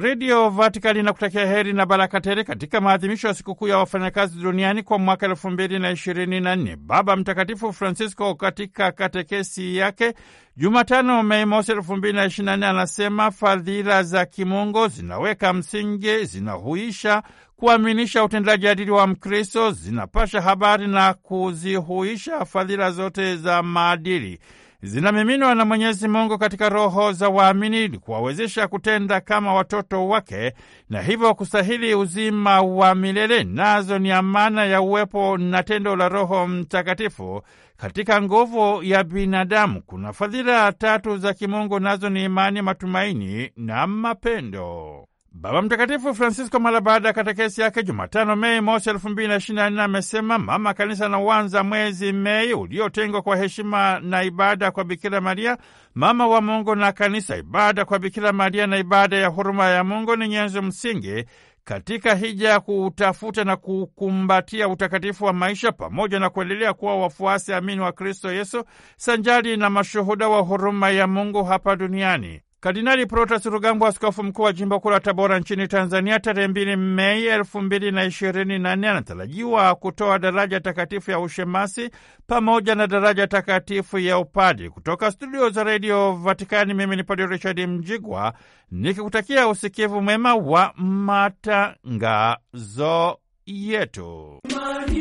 Redio Vatikani inakutakia heri na baraka tele katika maadhimisho ya sikukuu ya wafanyakazi duniani kwa mwaka elfu mbili na ishirini na nne. Baba Mtakatifu Francisco katika katekesi yake Jumatano, Mei mosi elfu mbili na ishirini na nne, anasema fadhila za kimungu zinaweka msingi, zinahuisha, kuaminisha utendaji adili wa Mkristo, zinapasha habari na kuzihuisha fadhila zote za maadili zinamiminwa na Mwenyezi Mungu katika roho za waamini ili kuwawezesha kutenda kama watoto wake na hivyo kustahili uzima wa milele. Nazo ni amana ya uwepo na tendo la Roho Mtakatifu katika nguvu ya binadamu. Kuna fadhila tatu za kimungu, nazo ni imani, matumaini na mapendo. Baba Mtakatifu Francisco mara baada ya katekesi yake Jumatano Mei mosi elfu mbili na ishirini na nne amesema mama kanisa na uanza mwezi Mei uliotengwa kwa heshima na ibada kwa Bikira Maria mama wa Mungu na kanisa. Ibada kwa Bikira Maria na ibada ya huruma ya Mungu ni nyenzo msingi katika hija ya kuutafuta na kukumbatia utakatifu wa maisha pamoja na kuendelea kuwa wafuasi amini wa Kristo Yesu sanjari na mashuhuda wa huruma ya Mungu hapa duniani. Kardinali Protas Rugambwa, askofu mkuu wa jimbo kuu la Tabora nchini Tanzania, tarehe mbili Mei elfu mbili na ishirini na nne anatarajiwa kutoa daraja takatifu ya ushemasi pamoja na daraja takatifu ya upadi. Kutoka studio za redio Vatikani, mimi ni Padre Richard Mjigwa nikikutakia usikivu mwema wa matangazo yetu. Imani,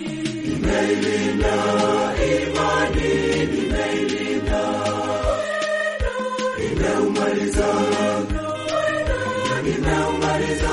imeilina, imani, imeilina. Marizão, ninaumaliza Marizão.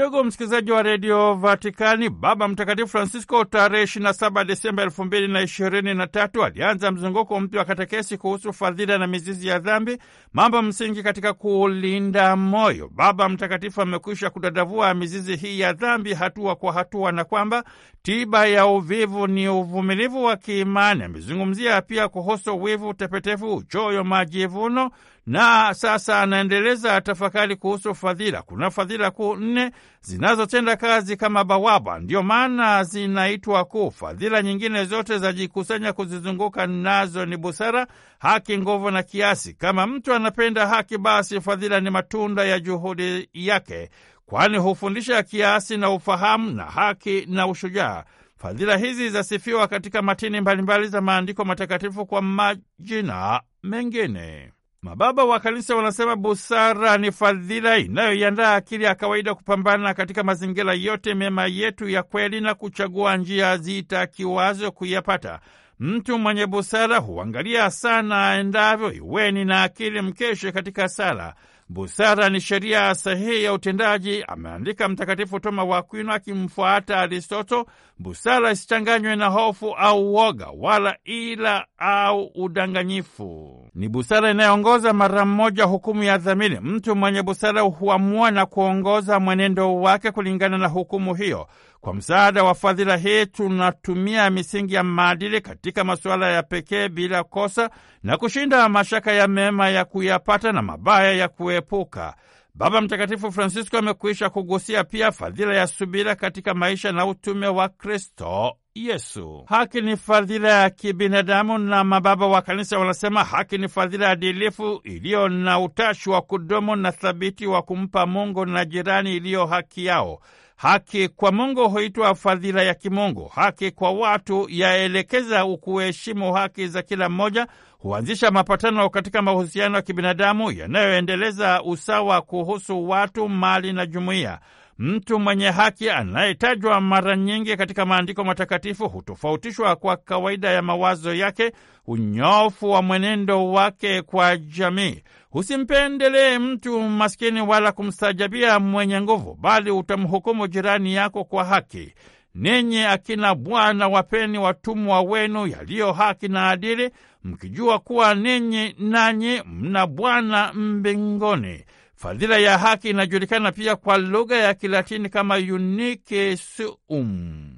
Ndugu msikilizaji wa redio Vatikani, Baba Mtakatifu Francisco tarehe 27 Desemba 2023 alianza mzunguko mpya wa katekesi kuhusu fadhila na mizizi ya dhambi, mambo msingi katika kulinda moyo. Baba Mtakatifu amekwisha kudadavua mizizi hii ya dhambi hatua kwa hatua, na kwamba tiba ya uvivu ni uvumilivu wa kiimani. Amezungumzia pia kuhusu wivu, utepetevu, uchoyo, majivuno na sasa anaendeleza tafakari kuhusu fadhila. Kuna fadhila kuu nne zinazotenda kazi kama bawaba, ndiyo maana zinaitwa kuu. Fadhila nyingine zote zajikusanya kuzizunguka, nazo ni busara, haki, nguvu na kiasi. Kama mtu anapenda haki, basi fadhila ni matunda ya juhudi yake, kwani hufundisha kiasi na ufahamu na haki na ushujaa. Fadhila hizi zasifiwa katika matini mbalimbali za maandiko matakatifu kwa majina mengine. Mababa wa Kanisa wanasema busara ni fadhila inayoiandaa akili ya kawaida kupambana katika mazingira yote mema yetu ya kweli na kuchagua njia zitakiwazo kuyapata. Mtu mwenye busara huangalia sana aendavyo, iweni na akili mkeshe katika sala busara ni sheria sahihi ya utendaji, ameandika Mtakatifu Toma wa Akwino akimfuata Aristoto. Busara isichanganywe na hofu au woga, wala ila au udanganyifu. Ni busara inayoongoza mara mmoja hukumu ya dhamiri. Mtu mwenye busara huamua na kuongoza mwenendo wake kulingana na hukumu hiyo. Kwa msaada wa fadhila hii tunatumia misingi ya maadili katika masuala ya pekee bila kosa na kushinda mashaka ya mema ya kuyapata na mabaya ya kuepuka. Baba Mtakatifu Francisco amekwisha kugusia pia fadhila ya subira katika maisha na utume wa Kristo Yesu. Haki ni fadhila ya kibinadamu, na mababa wa kanisa wanasema haki ni fadhila ya dilifu iliyo na utashi wa kudomo na thabiti wa kumpa Mungu na jirani iliyo haki yao. Haki kwa Mungu huitwa fadhila ya kimungu. Haki kwa watu yaelekeza ukuheshimu haki za kila mmoja, huanzisha mapatano katika mahusiano ya kibinadamu yanayoendeleza usawa kuhusu watu, mali na jumuiya. Mtu mwenye haki anayetajwa mara nyingi katika maandiko matakatifu hutofautishwa kwa kawaida ya mawazo yake, unyofu wa mwenendo wake kwa jamii. Usimpendelee mtu maskini wala kumstajabia mwenye nguvu, bali utamhukumu jirani yako kwa haki. Ninyi akina bwana, wapeni watumwa wenu yaliyo haki na adili, mkijua kuwa ninyi nanyi mna Bwana mbingoni Fadhila ya haki inajulikana pia kwa lugha ya Kilatini kama unike suum.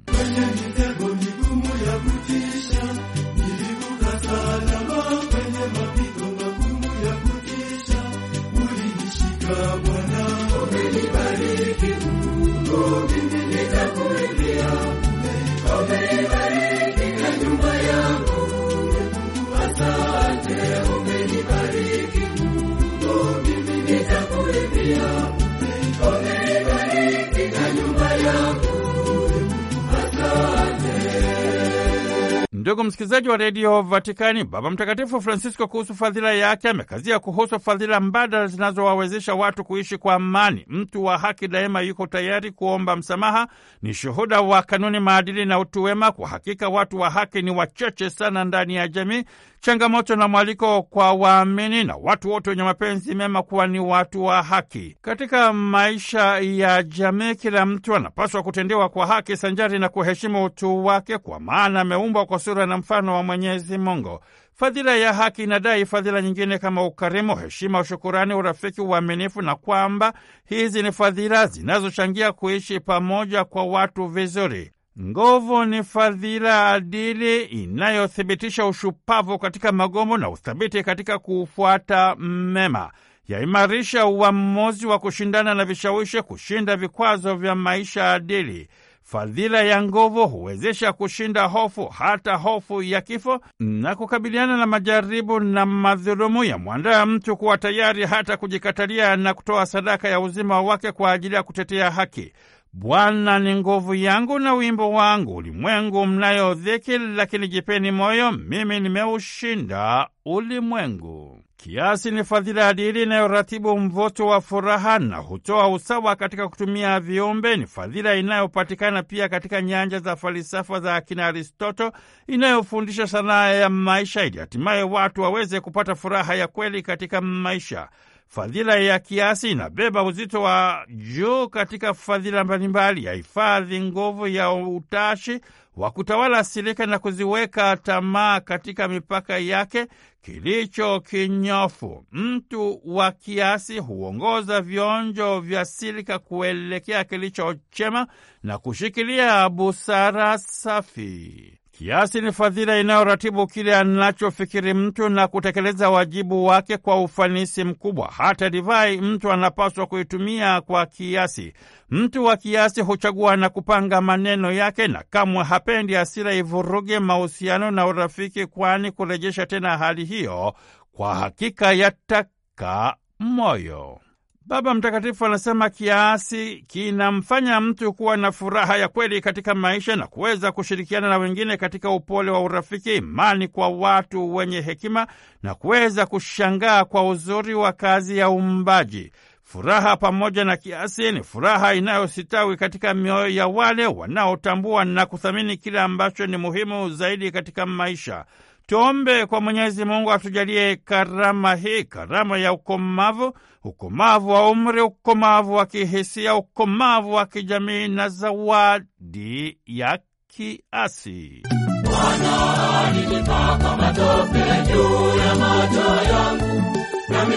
Ndugu msikilizaji wa redio Vatikani, Baba Mtakatifu Francisco kuhusu fadhila yake amekazia kuhusu fadhila mbadala zinazowawezesha watu kuishi kwa amani. Mtu wa haki daima yuko tayari kuomba msamaha, ni shuhuda wa kanuni, maadili na utu wema. Kwa hakika watu wa haki ni wachache sana ndani ya jamii, changamoto na mwaliko kwa waamini na watu wote wenye mapenzi mema kuwa ni watu wa haki. Katika maisha ya jamii, kila mtu anapaswa kutendewa kwa haki sanjari na kuheshimu utu wake, kwa maana ameumbwa kwa sura na mfano wa Mwenyezi Mungu. Fadhila ya haki inadai fadhila nyingine kama ukarimu, heshima, ushukurani, urafiki, uaminifu, na kwamba hizi ni fadhila zinazochangia kuishi pamoja kwa watu vizuri. Nguvu ni fadhila adili inayothibitisha ushupavu katika magomo na uthabiti katika kuufuata mema. Yaimarisha uamuzi wa kushindana na vishawishi, kushinda vikwazo vya maisha adili. Fadhila ya nguvu huwezesha kushinda hofu, hata hofu ya kifo, na kukabiliana na majaribu na madhulumu. ya mwandaa mtu kuwa tayari hata kujikatalia na kutoa sadaka ya uzima wake kwa ajili ya kutetea haki. Bwana ni nguvu yangu na wimbo wangu. Ulimwengu mnayo dhiki, lakini jipeni moyo, mimi nimeushinda ulimwengu. Kiasi ni fadhila ya dili inayoratibu mvuto wa furaha na hutoa usawa katika kutumia viumbe. Ni fadhila inayopatikana pia katika nyanja za falsafa za akina Aristoto, inayofundisha sanaa ya maisha ili hatimaye watu waweze kupata furaha ya kweli katika maisha. Fadhila ya kiasi inabeba uzito wa juu katika fadhila mbalimbali, ya hifadhi nguvu ya utashi wa kutawala silika na kuziweka tamaa katika mipaka yake. Kilicho kinyofu, mtu wa kiasi huongoza vionjo vya silika kuelekea kilicho chema na kushikilia busara safi. Kiasi ni fadhila inayoratibu kile anachofikiri mtu na kutekeleza wajibu wake kwa ufanisi mkubwa. Hata divai mtu anapaswa kuitumia kwa kiasi. Mtu wa kiasi huchagua na kupanga maneno yake, na kamwe hapendi hasira ivuruge mahusiano na urafiki, kwani kurejesha tena hali hiyo kwa hakika yataka moyo. Baba Mtakatifu anasema kiasi kinamfanya mtu kuwa na furaha ya kweli katika maisha na kuweza kushirikiana na wengine katika upole wa urafiki, imani kwa watu wenye hekima na kuweza kushangaa kwa uzuri wa kazi ya uumbaji. Furaha pamoja na kiasi ni furaha inayositawi katika mioyo ya wale wanaotambua na kuthamini kile ambacho ni muhimu zaidi katika maisha. Tuombe kwa Mwenyezi Mungu atujalie karama hii, karama ya ukomavu, ukomavu wa umri, ukomavu wa kihisia, ukomavu wa kijamii na zawadi ya kiasi. Bwana alinipaka matope juu ya macho yangu, nami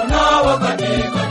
kunawa katika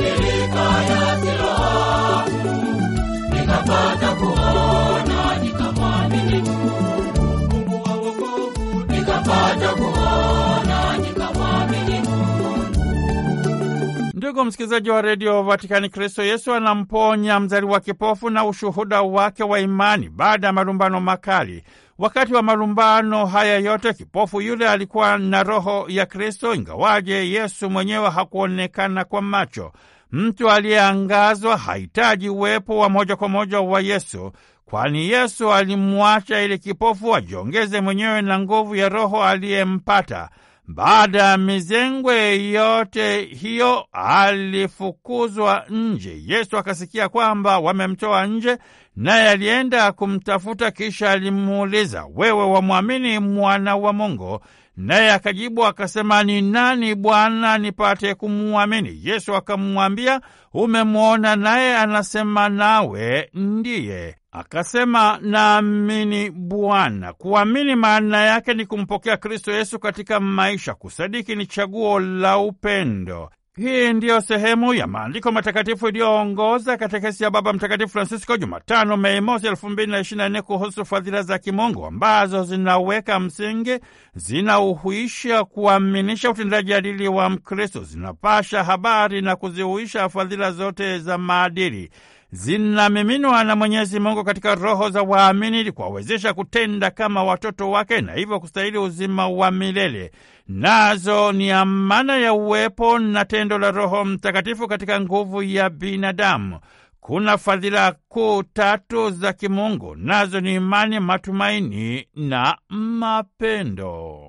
Ndugu msikilizaji wa redio Vatikani, Kristo Yesu anamponya mzali wa kipofu na ushuhuda wake wa imani baada ya malumbano makali. Wakati wa malumbano haya yote, kipofu yule alikuwa na roho ya Kristo, ingawaje Yesu mwenyewe hakuonekana kwa macho. Mtu aliyeangazwa hahitaji uwepo wa moja kwa moja wa Yesu, kwani Yesu alimwacha ili kipofu ajiongeze mwenyewe na nguvu ya Roho aliyempata. Baada ya mizengwe yote hiyo, alifukuzwa nje. Yesu akasikia kwamba wamemtoa nje, naye alienda kumtafuta, kisha alimuuliza, wewe wamwamini mwana wa Mungu? Naye akajibu akasema, ni nani Bwana, nipate kumwamini? Yesu akamwambia, umemwona, naye anasema nawe ndiye. Akasema, naamini Bwana. Kuamini maana yake ni kumpokea Kristo Yesu katika maisha. Kusadiki ni chaguo la upendo. Hii ndiyo sehemu ya maandiko matakatifu iliyoongoza katekesi ya Baba Mtakatifu Francisco Jumatano, Mei mosi elfu mbili na ishirini na nne kuhusu fadhila za kimungu ambazo zinaweka msingi, zinauhuisha, kuaminisha utendaji adili wa Mkristo, zinapasha habari na kuzihuisha fadhila zote za maadili zinamiminwa na Mwenyezi Mungu katika roho za waamini ili kuwawezesha kutenda kama watoto wake na hivyo kustahili uzima wa milele. Nazo ni amana ya uwepo na tendo la Roho Mtakatifu katika nguvu ya binadamu. Kuna fadhila kuu tatu za kimungu, nazo ni imani, matumaini na mapendo.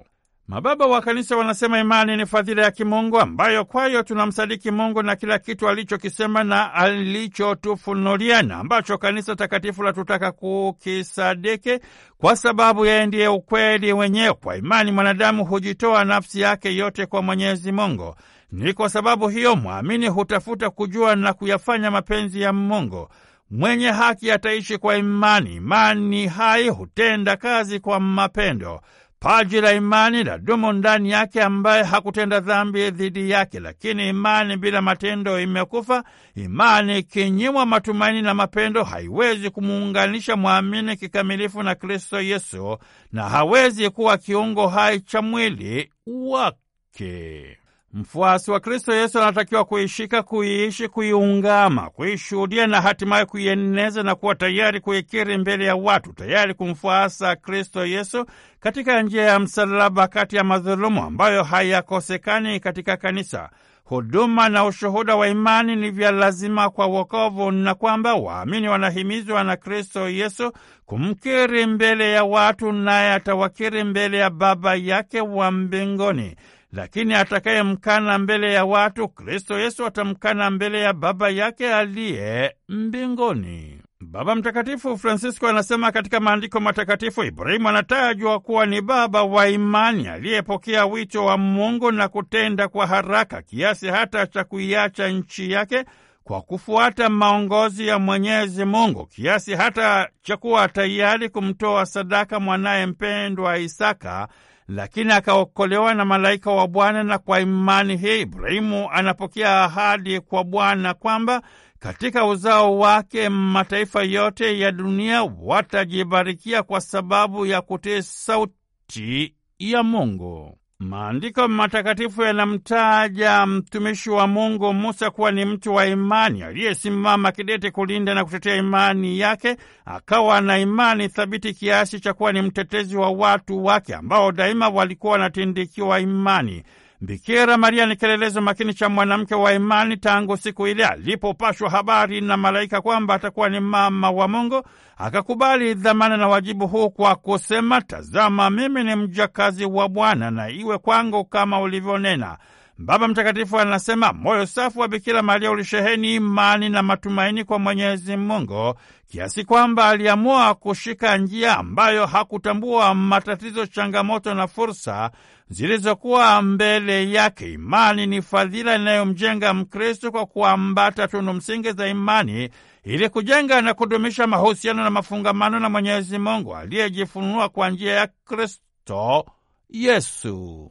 Mababa wa Kanisa wanasema imani ni fadhila ya kimungu ambayo kwayo tunamsadiki Mungu na kila kitu alichokisema na alichotufunulia na ambacho Kanisa takatifu la tutaka kukisadiki, kwa sababu yeye ndiye ukweli wenyewe. Kwa imani mwanadamu hujitoa nafsi yake yote kwa Mwenyezi Mungu. Ni kwa sababu hiyo mwamini hutafuta kujua na kuyafanya mapenzi ya Mungu. Mwenye haki ataishi kwa imani. Imani hai hutenda kazi kwa mapendo. Paji la imani la dumu ndani yake, ambaye hakutenda dhambi dhidi yake. Lakini imani bila matendo imekufa. Imani ikinyimwa matumaini na mapendo, haiwezi kumuunganisha mwamini kikamilifu na Kristo Yesu, na hawezi kuwa kiungo hai cha mwili wake. Mfuasi wa Kristo Yesu anatakiwa kuishika, kuiishi, kuiungama, kuishuhudia na hatimaye kuieneza na kuwa tayari kuikiri mbele ya watu, tayari kumfuasa Kristo Yesu katika njia ya msalaba, kati ya madhulumu ambayo hayakosekani katika kanisa. Huduma na ushuhuda wa imani ni vya lazima kwa wokovu, na kwamba waamini wanahimizwa na Kristo Yesu kumkiri mbele ya watu, naye atawakiri mbele ya Baba yake wa mbingoni lakini atakayemkana mbele ya watu, Kristo Yesu atamkana mbele ya Baba yake aliye mbinguni. Baba Mtakatifu Fransisko anasema katika maandiko matakatifu, Ibrahimu anatajwa kuwa ni baba wa imani aliyepokea wito wa Mungu na kutenda kwa haraka kiasi hata cha kuiacha nchi yake kwa kufuata maongozi ya Mwenyezi Mungu, kiasi hata cha kuwa tayari kumtoa sadaka mwanaye mpendwa Isaka lakini akaokolewa na malaika wa Bwana, na kwa imani hii Ibrahimu anapokea ahadi kwa Bwana kwamba katika uzao wake mataifa yote ya dunia watajibarikia kwa sababu ya kutii sauti ya Mungu. Maandiko matakatifu yanamtaja mtumishi wa Mungu Musa kuwa ni mtu wa imani aliyesimama kidete kulinda na kutetea imani yake. Akawa na imani thabiti kiasi cha kuwa ni mtetezi wa watu wake ambao daima walikuwa wanatindikiwa imani. Bikira Maria ni kielelezo makini cha mwanamke wa imani tangu siku ile alipopashwa habari na malaika kwamba atakuwa ni mama wa Mungu, akakubali dhamana na wajibu huu kwa kusema, tazama, mimi ni mjakazi wa Bwana, na iwe kwangu kama ulivyonena. Baba Mtakatifu anasema moyo safi wa Bikira Maria ulisheheni imani na matumaini kwa Mwenyezi Mungu, kiasi kwamba aliamua kushika njia ambayo hakutambua matatizo, changamoto na fursa zilizokuwa mbele yake. Imani ni fadhila inayomjenga Mkristo kwa kuambata tunu msingi za imani ili kujenga na kudumisha mahusiano na mafungamano na Mwenyezi Mungu aliyejifunua kwa njia ya Kristo Yesu.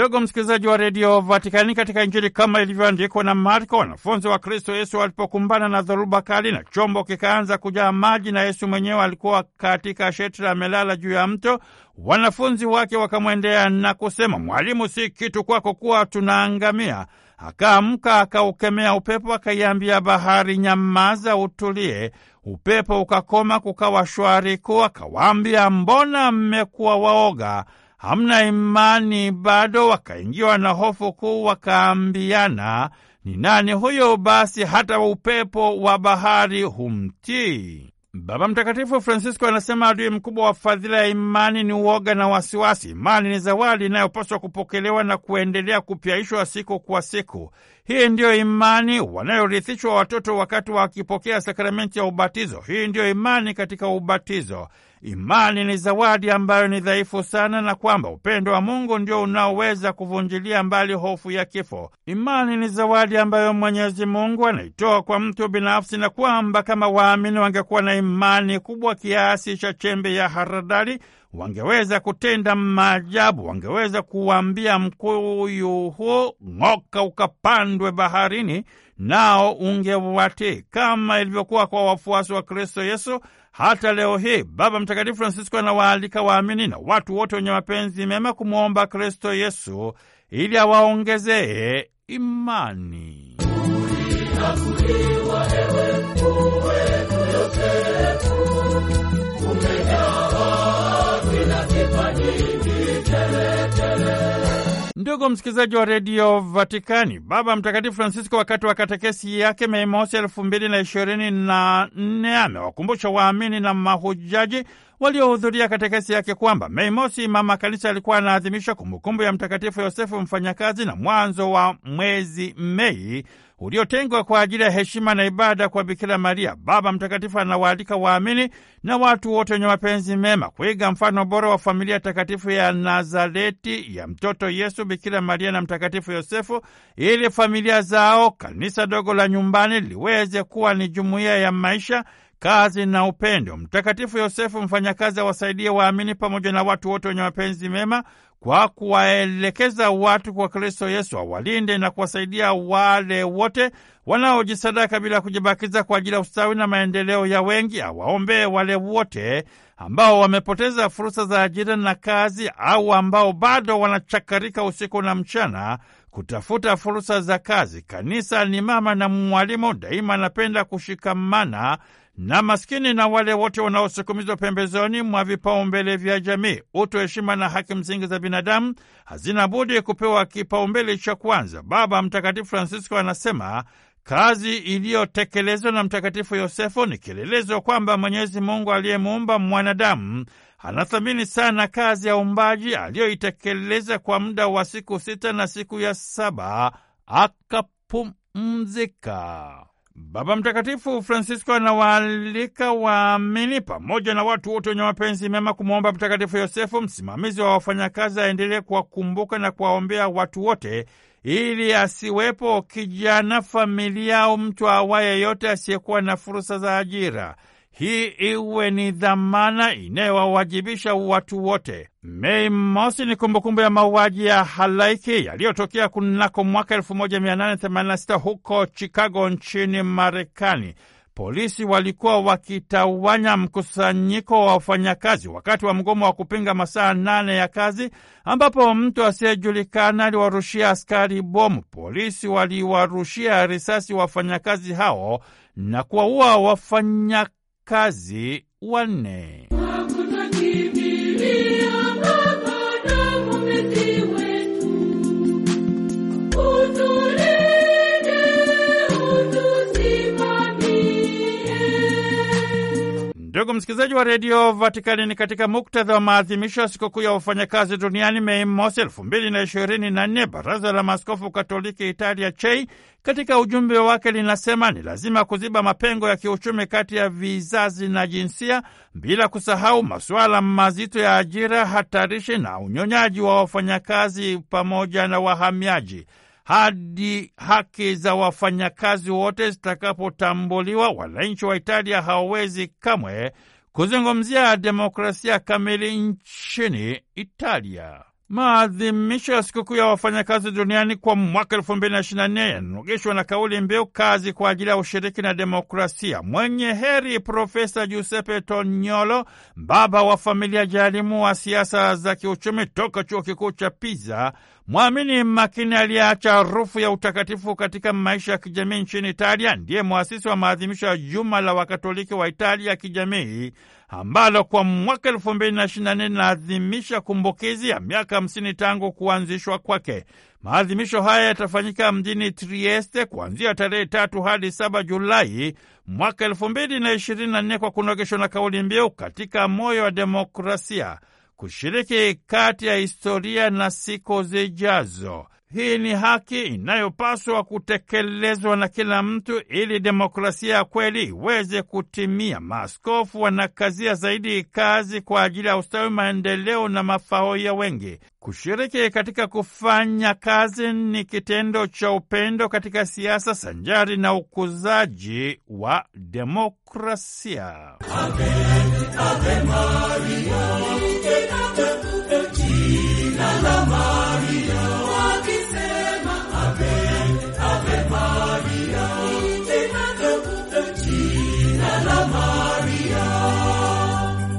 Ndugu msikilizaji wa redio Vatikani, katika Injili kama ilivyoandikwa na Marko, wanafunzi wa Kristo Yesu walipokumbana na dhoruba kali na chombo kikaanza kujaa maji, na Yesu mwenyewe alikuwa katika shetra amelala juu ya mto, wanafunzi wake wakamwendea na kusema, Mwalimu, si kitu kwako kuwa tunaangamia. Akaamka, akaukemea upepo, akaiambia bahari, nyamaza, utulie. Upepo ukakoma, kukawa shwari kuu. Akawaambia, mbona mmekuwa waoga? hamna imani bado, wakaingiwa na hofu kuu, wakaambiana, ni nani huyo? Basi hata upepo wa bahari humtii. Baba Mtakatifu Francisco anasema adui mkubwa wa fadhila ya imani ni uoga na wasiwasi. Imani ni zawadi inayopaswa kupokelewa na kuendelea kupyaishwa siku kwa siku. Hii ndiyo imani wanayorithishwa watoto wakati wakipokea sakramenti ya ubatizo. Hii ndiyo imani katika ubatizo. Imani ni zawadi ambayo ni dhaifu sana, na kwamba upendo wa Mungu ndio unaoweza kuvunjilia mbali hofu ya kifo. Imani ni zawadi ambayo Mwenyezi Mungu anaitoa kwa mtu binafsi, na kwamba kama waamini wangekuwa na imani kubwa kiasi cha chembe ya haradali wangeweza kutenda maajabu, wangeweza kuwambia mkuyu huu ng'oka ukapandwe baharini, nao ungewatii, kama ilivyokuwa kwa wafuasi wa Kristo Yesu. Hata leo hii Baba Mtakatifu Francisco anawaalika waamini na watu wote wenye mapenzi mema kumwomba Kristo Yesu ili awaongezee imani. Uwe, Ndugu msikilizaji wa redio Vatikani, Baba Mtakatifu Francisco wakati wa katekesi yake Mei Mosi elfu mbili na ishirini na nne amewakumbusha waamini na mahujaji waliohudhuria katekesi yake kwamba Mei Mosi mama kanisa alikuwa anaadhimisha kumbukumbu ya Mtakatifu Yosefu mfanyakazi, na mwanzo wa mwezi Mei uliotengwa kwa ajili ya heshima na ibada kwa Bikira Maria. Baba Mtakatifu anawaalika waamini na watu wote wenye mapenzi mema kuiga mfano bora wa familia takatifu ya Nazareti ya mtoto Yesu, Bikira Maria na Mtakatifu Yosefu, ili familia zao, kanisa dogo la nyumbani, liweze kuwa ni jumuiya ya maisha kazi na upendo. Mtakatifu Yosefu mfanyakazi awasaidie waamini pamoja na watu wote wenye mapenzi mema kwa kuwaelekeza watu kwa Kristo Yesu, awalinde na kuwasaidia wale wote wanaojisadaka bila kujibakiza kwa ajili ya ustawi na maendeleo ya wengi. Awaombee wale wote ambao wamepoteza fursa za ajira na kazi au ambao bado wanachakarika usiku na mchana kutafuta fursa za kazi. Kanisa ni mama na mwalimu, daima anapenda kushikamana na maskini na wale wote wanaosukumizwa pembezoni mwa vipaumbele vya jamii. Utu, heshima na haki msingi za binadamu hazina budi kupewa kipaumbele cha kwanza. Baba Mtakatifu Francisco anasema kazi iliyotekelezwa na Mtakatifu Yosefu ni kielelezo kwamba Mwenyezi Mungu aliyemuumba mwanadamu anathamini sana kazi ya umbaji aliyoitekeleza kwa muda wa siku sita, na siku ya saba akapumzika. Baba Mtakatifu Francisco anawaalika waamini pamoja na watu wote wenye mapenzi mema kumwomba Mtakatifu Yosefu, msimamizi wa wafanyakazi, aendelee kuwakumbuka na kuwaombea watu wote, ili asiwepo kijana, familia au mtu awaye yote asiyekuwa na fursa za ajira. Hii iwe ni dhamana inayowawajibisha watu wote. Mei Mosi ni kumbukumbu ya mauaji ya halaiki yaliyotokea kunako mwaka 1886 huko Chicago nchini Marekani. Polisi walikuwa wakitawanya mkusanyiko wa wafanyakazi wakati wa mgomo wa kupinga masaa nane ya kazi, ambapo mtu asiyejulikana aliwarushia askari bomu. Polisi waliwarushia risasi wafanyakazi hao na kuwaua wafanya wafanyakazi wanne. Ndugu msikilizaji wa redio Vatikani, ni katika muktadha wa maadhimisho ya sikukuu ya wafanyakazi duniani Mei mosi elfu mbili na ishirini na nne, baraza la maaskofu katoliki Italia CHEI katika ujumbe wake linasema ni lazima kuziba mapengo ya kiuchumi kati ya vizazi na jinsia, bila kusahau masuala mazito ya ajira hatarishi na unyonyaji wa wafanyakazi pamoja na wahamiaji hadi haki za wafanyakazi wote zitakapotambuliwa, wananchi wa Italia hawawezi kamwe kuzungumzia demokrasia kamili nchini Italia. Maadhimisho ya sikukuu ya wafanyakazi duniani kwa mwaka elfu mbili na ishirini na nne na kauli mbiu kazi kwa ajili ya ushiriki na demokrasia. Mwenye heri Profesa Giuseppe Tonyolo, baba wa familia jalimu wa siasa za kiuchumi toka chuo kikuu cha Pisa, Mwamini makini aliyeacha harufu ya utakatifu katika maisha ya kijamii nchini Italia ndiye mwasisi wa maadhimisho ya juma la wakatoliki wa Italia ya kijamii ambalo kwa mwaka elfu mbili na ishirini na nne linaadhimisha kumbukizi ya miaka hamsini tangu kuanzishwa kwake. Maadhimisho haya yatafanyika mjini Trieste kuanzia tarehe tatu hadi saba Julai mwaka elfu mbili na ishirini na nne kwa kunogeshwa na kauli mbiu katika moyo wa demokrasia kushiriki kati ya historia na siku zijazo. Hii ni haki inayopaswa kutekelezwa na kila mtu ili demokrasia ya kweli iweze kutimia. Maaskofu wanakazia zaidi kazi kwa ajili ya ustawi, maendeleo na mafao ya wengi. Kushiriki katika kufanya kazi ni kitendo cha upendo katika siasa sanjari na ukuzaji wa demokrasia. Amen, Ave Maria.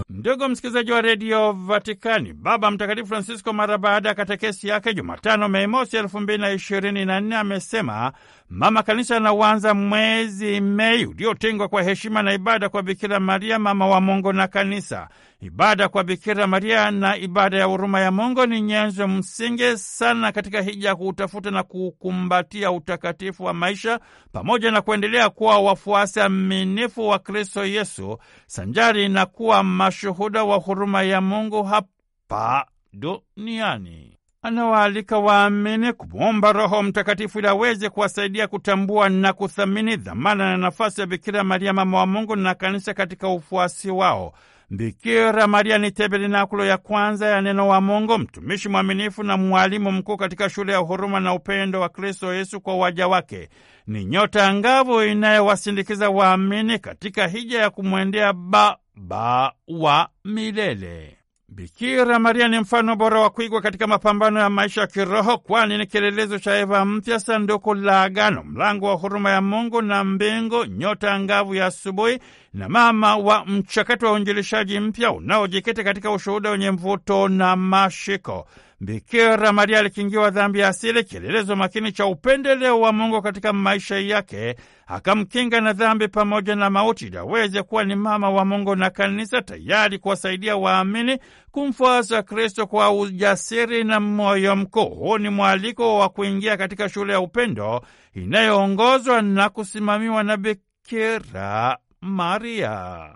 Ndugu msikilizaji wa redio Vatikani, Baba Mtakatifu Francisco mara baada ya katekesi yake Jumatano Mei mosi elfu mbili na ishirini na nne amesema Mama Kanisa anauanza mwezi Mei uliotengwa kwa heshima na ibada kwa Bikira Maria, mama wa Mungu na Kanisa. Ibada kwa Bikira Maria na ibada ya huruma ya Mungu ni nyenzo msingi sana katika hija ya kuutafuta na kuukumbatia utakatifu wa maisha, pamoja na kuendelea kuwa wafuasi aminifu wa Kristo Yesu, sanjari na kuwa mashuhuda wa huruma ya Mungu hapa duniani anawaalika waamini kumwomba Roho Mtakatifu ili aweze kuwasaidia kutambua na kuthamini dhamana na nafasi ya Bikira Maria mama wa Mungu na kanisa katika ufuasi wao. Bikira Maria ni tabernakulo ya kwanza ya neno wa Mungu, mtumishi mwaminifu na mwalimu mkuu katika shule ya huruma na upendo wa Kristo Yesu kwa waja wake. Ni nyota angavu inayowasindikiza waamini katika hija ya kumwendea Baba wa milele. Bikira Maria ni mfano bora wa kuigwa katika mapambano ya maisha ya kiroho, kwani ni kielelezo cha Eva mpya, sanduku la agano, mlango wa huruma ya Mungu na mbingu, nyota angavu ya asubuhi na mama wa mchakato wa uinjilishaji mpya unaojikita katika ushuhuda wenye mvuto na mashiko. Bikira Maria alikingiwa dhambi ya asili, kielelezo makini cha upendeleo wa Mungu katika maisha yake, akamkinga na dhambi pamoja na mauti, ili aweze kuwa ni mama wa Mungu na kanisa, tayari kuwasaidia waamini kumfuasa Kristo kwa ujasiri na moyo mkuu. Huu ni mwaliko wa kuingia katika shule ya upendo inayoongozwa na kusimamiwa na Bikira María.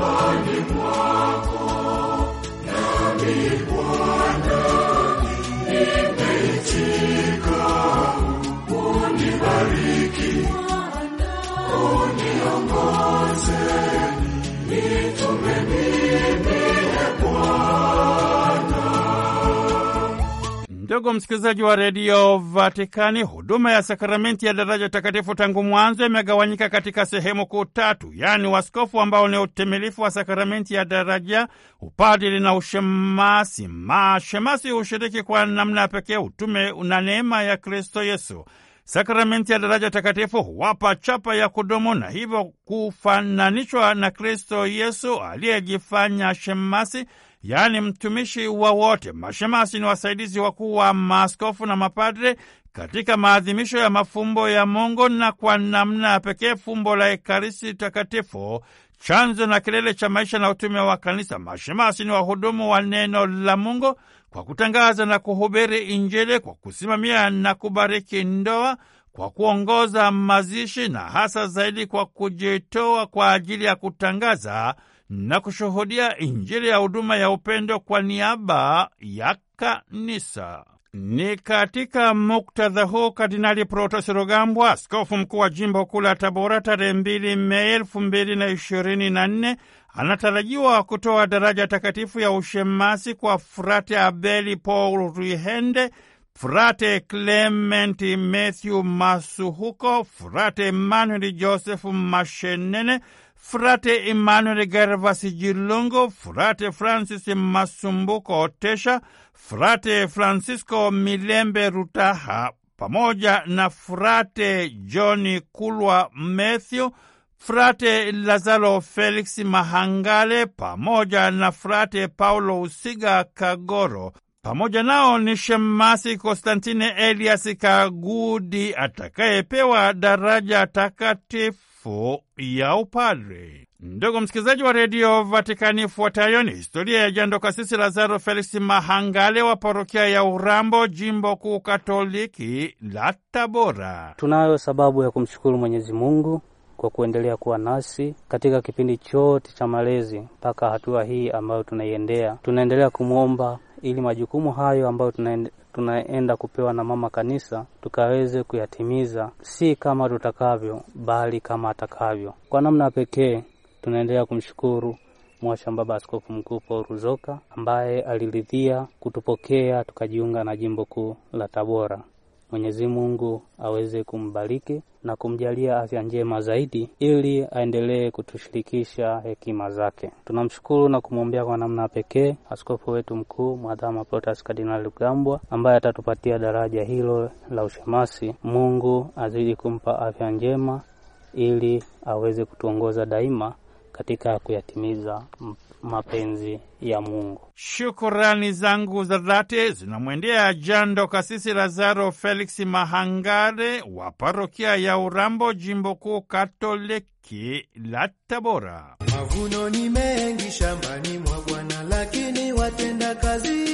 Ndugu msikilizaji wa redio Vatikani, huduma ya sakramenti ya daraja takatifu tangu mwanzo imegawanyika katika sehemu kuu tatu, yaani waskofu ambao ni utimilifu wa sakramenti ya daraja, upadili na ushemasi. Mashemasi hushiriki kwa namna ya pekee utume na neema ya Kristo Yesu. Sakramenti ya daraja takatifu huwapa chapa ya kudumu na hivyo kufananishwa na Kristo Yesu aliyejifanya shemasi yaani mtumishi wa wote. Mashemasi ni wasaidizi wakuu wa maaskofu na mapadre katika maadhimisho ya mafumbo ya Mungu, na kwa namna ya pekee fumbo la Ekaristi Takatifu, chanzo na kilele cha maisha na utume wa Kanisa. Mashemasi ni wahudumu wa neno la Mungu kwa kutangaza na kuhubiri Injili, kwa kusimamia na kubariki ndoa kwa kuongoza mazishi na hasa zaidi kwa kujitoa kwa ajili ya kutangaza na kushuhudia Injili ya huduma ya upendo kwa niaba ya kanisa. Ni katika muktadha huu Kardinali Protos Rugambwa, askofu mkuu wa jimbo kuu la Tabora, tarehe mbili Mei elfu mbili na ishirini na nne anatarajiwa kutoa daraja takatifu ya ushemasi kwa Frate Abeli Paul Rihende, Frate Clementi Mathew Masuhuko, Frate Emmanuel Joseph Mashenene Frate Emmanuel gervas Jirlongo, Frate Francis Masumbuko Otesha, Frate Francisco Milembe Rutaha pamoja na Frate John Kulwa Matthew, Frate Lazaro Felix Mahangale pamoja na Frate Paulo Usiga Kagoro. Pamoja nao ni Shemasi Konstantine Elias Kagudi atakayepewa daraja takatifu maaskofu ya upadre. Ndugu msikilizaji wa redio Vatikani, ifuatayo ni historia ya jando kasisi Lazaro Felix Mahangale wa parokia ya Urambo, jimbo kuu katoliki la Tabora. Tunayo sababu ya kumshukuru Mwenyezi Mungu kwa kuendelea kuwa nasi katika kipindi chote cha malezi mpaka hatua hii ambayo tunaiendea. Tunaendelea kumwomba ili majukumu hayo ambayo tunaenda kupewa na mama kanisa tukaweze kuyatimiza, si kama tutakavyo, bali kama atakavyo. Kwa namna pekee tunaendelea kumshukuru Mwashamba Baba Askofu Mkuu Paul Ruzoka ambaye aliridhia kutupokea tukajiunga na jimbo kuu la Tabora. Mwenyezi Mungu aweze kumbariki na kumjalia afya njema zaidi, ili aendelee kutushirikisha hekima zake. Tunamshukuru na kumwombea kwa namna pekee askofu wetu mkuu Mwadhama Protas Kardinali Rugambwa ambaye atatupatia daraja hilo la ushemasi. Mungu azidi kumpa afya njema, ili aweze kutuongoza daima katika kuyatimiza mapenzi ya Mungu. Shukurani zangu za dhati zinamwendea Jando Kasisi Lazaro Felix Mahangare wa parokia ya Urambo, jimbo kuu Katoliki la Tabora. Mavuno ni mengi shambani mwa Bwana, lakini watenda kazi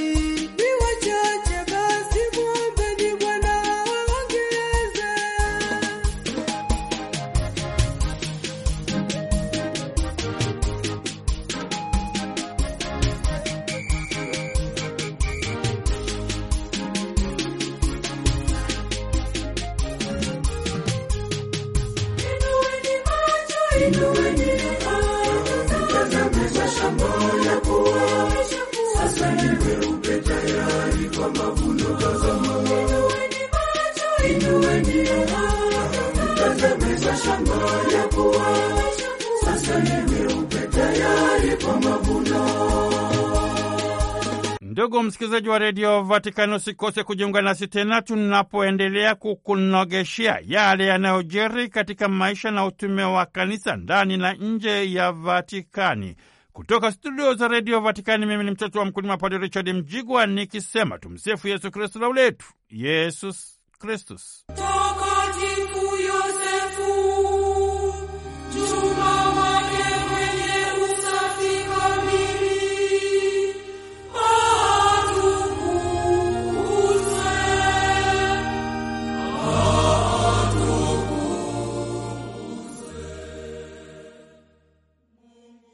Ndugu msikilizaji wa redio Vatikani, usikose kujiunga nasi tena tunapoendelea kukunogeshea yale yanayojiri katika maisha na utume wa kanisa ndani na nje ya Vatikani. Kutoka studio za redio Vatikani, mimi ni mtoto wa mkulima Padre Richard Mjigwa nikisema tumsifu Yesu Kristu, lauletu Yesus Kristus.